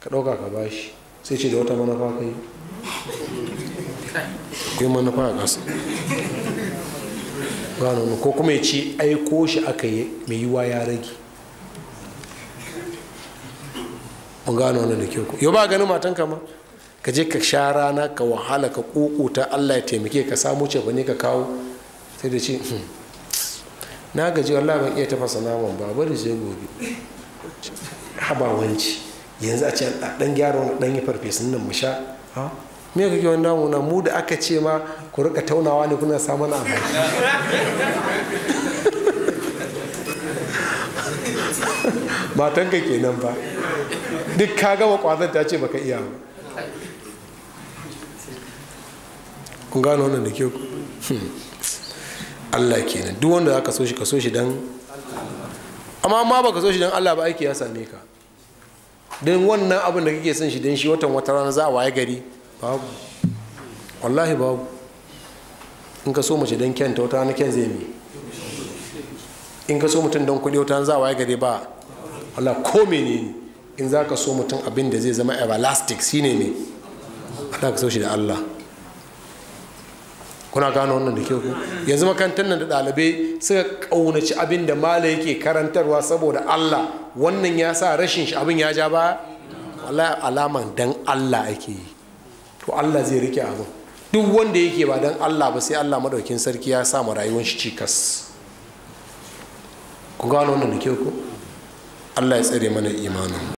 ka ɗauka ka bashi sai ce da wata manufa ka yi akwai manufa a ƙasa gano ko kuma ya ce aiko shi aka yi mai yiwa ya rage mun gano wannan da kyau ku. yau ba ganin matan kama ka je ka sha rana ka wahala ka kukuta Allah ya taimake ka samu ce ne ka kawo sai da ce hmm, na gaji wallahi ban iya tafasa naman ba bari sai gobe haba yanzu a ce a dan gyara wani dan yi farfesun nan mu sha me kake wani namu na mu da aka ce ma ku rika taunawa ne kuna samun abu ka kenan ba duk ka gama kwazar ta ce baka iya ba kun gano wannan da ke ku hmm. Allah kenan duk wanda zaka so shi ka so shi dan amma ma baka so shi dan Allah ba aiki ya same ka don wannan abin da kake son shi don shi watan wata rana za a waye gari babu wallahi babu in ka so mace don ta wata rana kyan zai mi in ka so mutum don kuɗi wata rana za a waye gari ba wallah ko ne in za ka so mutum abin da zai zama everlasting shine ne Allah ka so shi da Allah kuna gano wannan da kyau yanzu makarantar nan da ɗalibai suka ƙaunaci abin da mala yake karantarwa saboda allah wannan ya sa rashin shi abin ya ja ba wallahi alaman dan allah ake yi to allah zai rike abin duk wanda yake ba dan allah ba sai allah madaukin sarki ya sa ma rayuwar shi cikas ku gano wannan da kyau allah ya tsare mana imanin